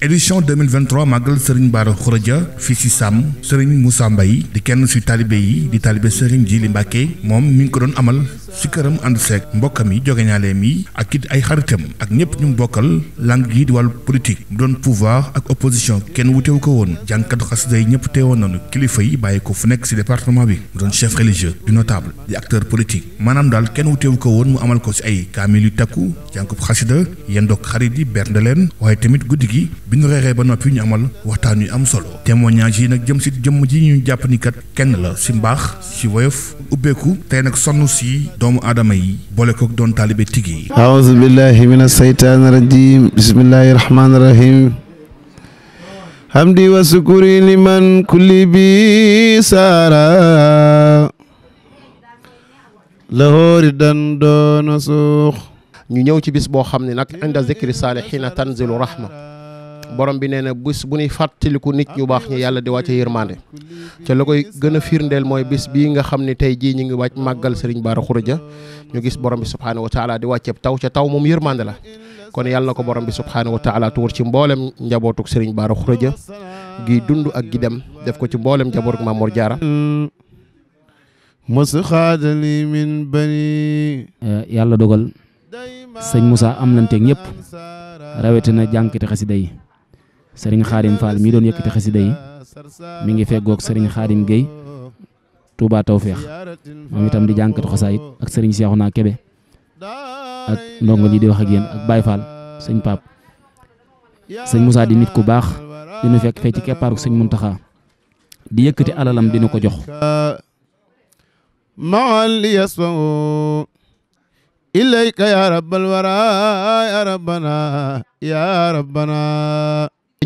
édition 2023 màggal Serigne Bara Khourédia fii si Sam Serigne Moussa Mbaye di kenn si taalibe yi di taalibe Serigne Djili Mbacke moom mi ngi ko doon amal ci këram ànd seeg mbokkam yi jogeñaaleem yi ak it ay xaritam ak ñëpp ñu mu bokkal langue yi di wàllu politique mu doon pouvoir ak opposition kenn wutewu ko woon jànkatu xasida yi ñëpp teewoon nañu kilifa yi bàyyi ko fu nekk si département bi mu doon chef religieux du notable di acteur politique maanaam daal kenn wutewu ko woon mu amal ko si ay kaamil yu takku jànkub xasida yendoog xarit yi bernde leen waaye tamit guddi gi bi ñu reeree ba noppi ñu amal waxtaan yu am solo témoignage yi nag jëm si jëm ji ñu jàpp kenn la si mbaax si woyof ubbeeku tey nag sonn si doomu aadama yi boole kook doon taalibe tigi aouzu billahi min asaytaani rajim bismillahi rahmaani rahim hamdi wa liman kulli bi saara la hóori dan doona suux ñu ñëw ci bis boo xam ne nag inda zikri saalihiina tanzilu rahma borom bi nee na bis bu ñuy fàttaliku nit ñu baax ñu yàlla di wàcce yërmande ca la koy gën a firndeel mooy bis bii nga xam ne tey jii ñu ngi wàcc màggal Serigne Bara Khourédia ñu gis borom bi subhaanahu wa taala di wàcceeb taw ca taw moom yërmande la kon yàlla ko borom bi subhaanahu wa taala tuur ci mboolem njabootuk Serigne Bara Khourédia gi dund ak gi dem def ko ci mboolem njabootuk Mamour Diarra mos xaadali min bani eh, yàlla dogal sëñ Moussa am lanteeg ñëpp rawatina jànkati xasida yi sëriñ Xaadim Fall mii doon yëkkati xasida yi mi ngi feggoog sëriñ Xaadim Guèye Touba Tawféex moom itam di jànkat xosaayit ak sëriñ Seexuna Kebe ak ndongo lii di wax ak yéen ak Baye Fall sëñ Pape sëñ Moussa di nit ku baax dinu fekk fee ci keppaaruk sëñ Muntaxa di yëkkati alalam dina ko jox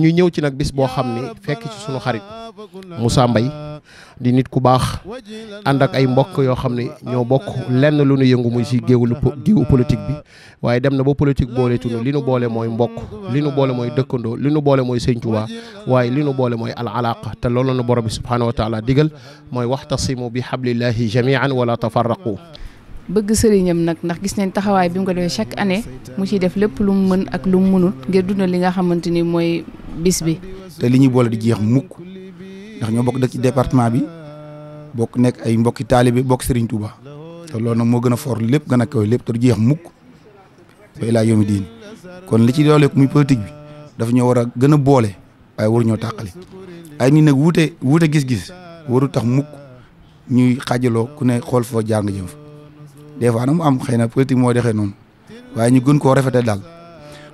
ñu ñëw ci nag bis boo xam ne fekk ci sunu xarit Moussa Mbaye di nit ku baax ànd ak ay mbokk yoo xam ne ñoo bokk lenn lu nu yëngu muy si géewu géewu politique bi waaye dem na ba politique booleetunu li nu boole mooy mbokk li nu boole mooy dëkkandoo li nu boole mooy Sëñ Tuubaa waaye li nu boole mooy al alaqa te loolu nu borom bi subhaanahu wa taala digal mooy waxtasimu bi hablillahi jamian wala tafarraqu bëgg sëriñam nag ndax gis nañ taxawaay bi mu ko defee chaque année mu ciy def lépp lu mu mën ak lu mu mënul ngir ni mooy bis bi. te li ñuy boole di jeex mukk ndax ñoo bokk dëkk ci département bi bokk nekk ay mbokki taalibe bokk Serigne Touba te loolu nag moo gën a foor lépp gën a kaw lépp te du jeex mukk ba ilaa yawmi diin kon li ci doole muy politique bi dafa ñoo war a gën a boole waaye waru ñoo tàqali ay nit nag wuute wuute gis-gis waru tax mukk ñuy xaajaloo ku ne xool foo jaar nga jëm fa des fois nag mu am xëy na politique moo defee noonu waaye ñu gën koo rafetal daal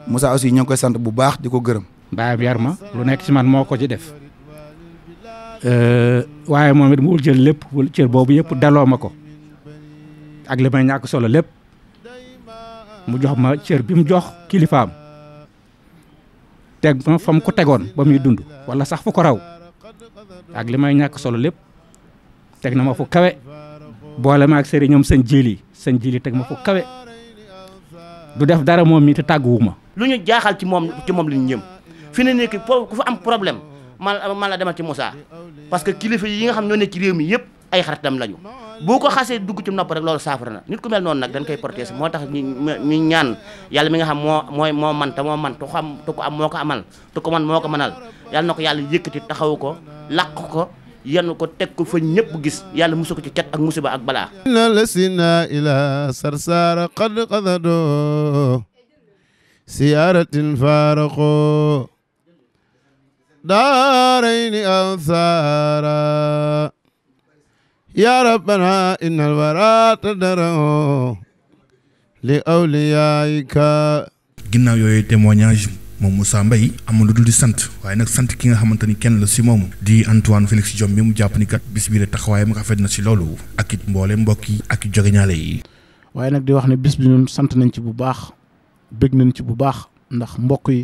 Moussa aussi ñoo ngi koy sant bu baax di ko gërëm baayam yar ma lu nekk ci man moo ko ci def euh, waaye moom it mu jël lépp cër boobu yëpp daloo ma ko ak li may ñàkk solo lépp mu jox ma cër bi mu jox kilifaam teg ma fa mu ko tegoon ba muy dund wala sax fu ko raw ak li may ñàkk solo lépp teg na ma fu kawe boole ma ak sëriñam sëñ jili sëñ jili teg ma fu kawe du def dara moom mi te tàgguwu ma lu ñu jaaxal ci moom ci moom la ñu ñëm fi ne nekk ku fa am problème man man ci Moussa parce que kilifa yi nga xam ñoo nekk ci réew mi yëpp ay xaritam lañu boo ko xasee dugg ci nopp rek loolu saafara na nit ku mel noonu nag dañ koy protéger moo tax ñu ñu ñaan yàlla mi nga xam moo mooy moo man ta moo man te am te ko moo ko amal te ko man moo ko manal yàlla na ko yàlla yëkkati taxaw ko làq ko yenn ko teg ko fa ñëpp gis yàlla musu ko ci cat ak musiba ak balaa na la sina ila sarsara qad الدارين أنصارا يا ربنا إن الورى تدره لأوليائك ginnaaw yooyu témoignage moom Moussa mbay amul lu dul di sant waaye nag sant ki nga xamante ni kenn la si moom di Antoine Félix Diome mi mu jàpp ni kat bis bi la taxawaayam rafet na si loolu ak it mboole mbokk yi ak joge ñaale yi. waaye nag di wax ne bis bi ñun sant nañ ci bu baax bëgg nañ ci bu baax ndax mbokk yi.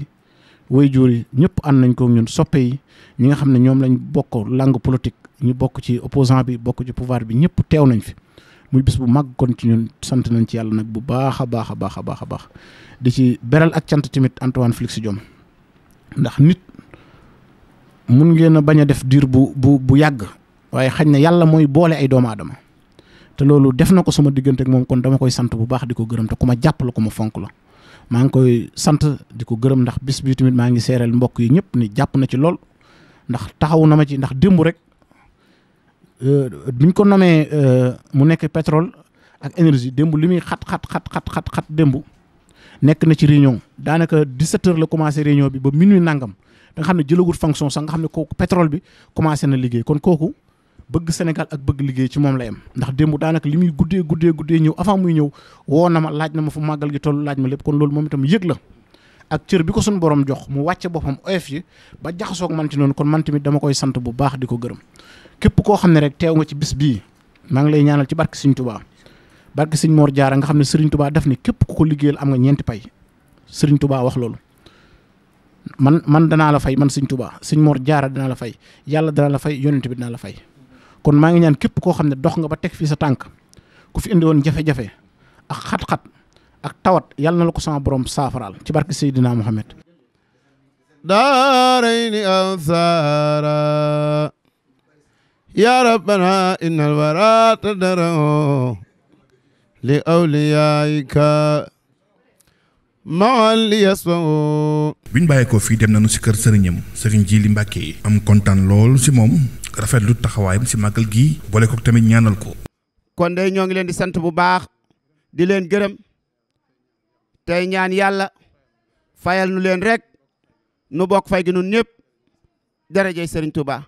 waajur yi ñëpp ànd nañ ko ñun soppee yi ñi nga xam ne ñoom lañ bokk langue politique ñu bokk ci opposant bi bokk ci pouvoir bi ñëpp teew nañ fi muy bis bu màgg kon ci ñun sant nañ ci yàlla nag bu baax a baax a baax a baax a baax di ci beral ak cant tamit Antoine si Diome ndax nit mun ngeen a bañ a def diir bu bu bu yàgg waaye xañ na yàlla mooy boole ay doomu aadama te loolu def na ko sama diggante ak moom kon dama koy sant bu baax di ko gërëmte te ku ma jàpp la ma fonk la. maa ngi koy sant di ko gërëm ndax bis bi tamit maa ngi seereel mbokk yi ñëpp ni jàpp na ci lool ndax taxaw na ma ci ndax démb rek kon euh, ko nomee euh, mu nekk pétrole ak énergie dembu li muy xat xat xat xat xat xat démb nekk na ci réunion daanaka 17 heures la commencé réunion bi ba minuit nangam da nga xam ne jëlagul fonction sax nga xam ne kooku pétrole bi commencé na liggéey kon kooku bëgg senegal ak bëgg liggéey ci moom la yem ndax démb daanaka li muy guddee guddee guddee ñëw avant muy ñëw woo na ma laaj na ma fu màggal gi toll laaj ma lépp kon loolu moom itam yëg la ak cër bi ko suñu boroom jox mu wàcce boppam oyof yi ba jaxasoog man ci noonu kon man tamit dama koy sant bu baax di ko gërëm képp koo xam ne rek teew nga ci bis bii maa ngi lay ñaanal ci barke Sëriñ Tuubaa barke Sëriñ moor Jaara nga xam ne Sëriñ Tuubaa def ni képp ku ko liggéeyal am nga ñeenti pay Sëriñ Tuubaa wax loolu man man danaa la fay man Sëriñ Tuubaa Sëriñ Mor Jaara danaa la fay yàlla danaa la fay yonent bi danaa la fay kon maa ngi ñaan képp koo xam ne dox nga ba teg fii sa tànk ku fi indi woon jafe-jafe ak xat-xat ak tawat yàlla na la ko sama boroom saafaraal ci barke Seydina Muhammad daarayni ansaara ya rabbana innal warata darao li awliyaika maal yasmao biñ bàyyeekoo fii dem nañu si kër sëriñam sëriñ ji li Mbàkke am kontaan lool si moom rafetlu taxawaayam si màggal gi boole ko tamit ñaanal ko. kon day ñoo ngi leen di sant bu baax di leen gërëm tey ñaan yàlla fayal nu leen rek nu bokk fay gi nun ñëpp daraje Serigne Touba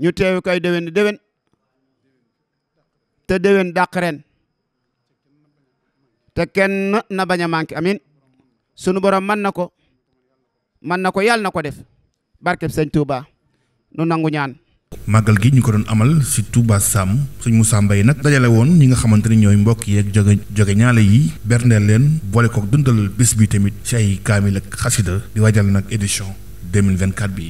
ñu teewi kay déwén déwén te déwén dàq ren te kenn na bañ a manqué amin sunu borom mën na ko mën na ko yàlla na ko def barkeb Sëñ Touba nu nangu ñaan màggal gi ñu ko doon amal ci Touba Sam Sëñ Moussa Mbaye nag dajale woon ñi nga xamante ni ñooy mbokk yeeg joge joge ñaale yi berndeel leen boole kook dundal bés bi tamit ci ay kaamil ak xasida di waajal nag édition 2024 bi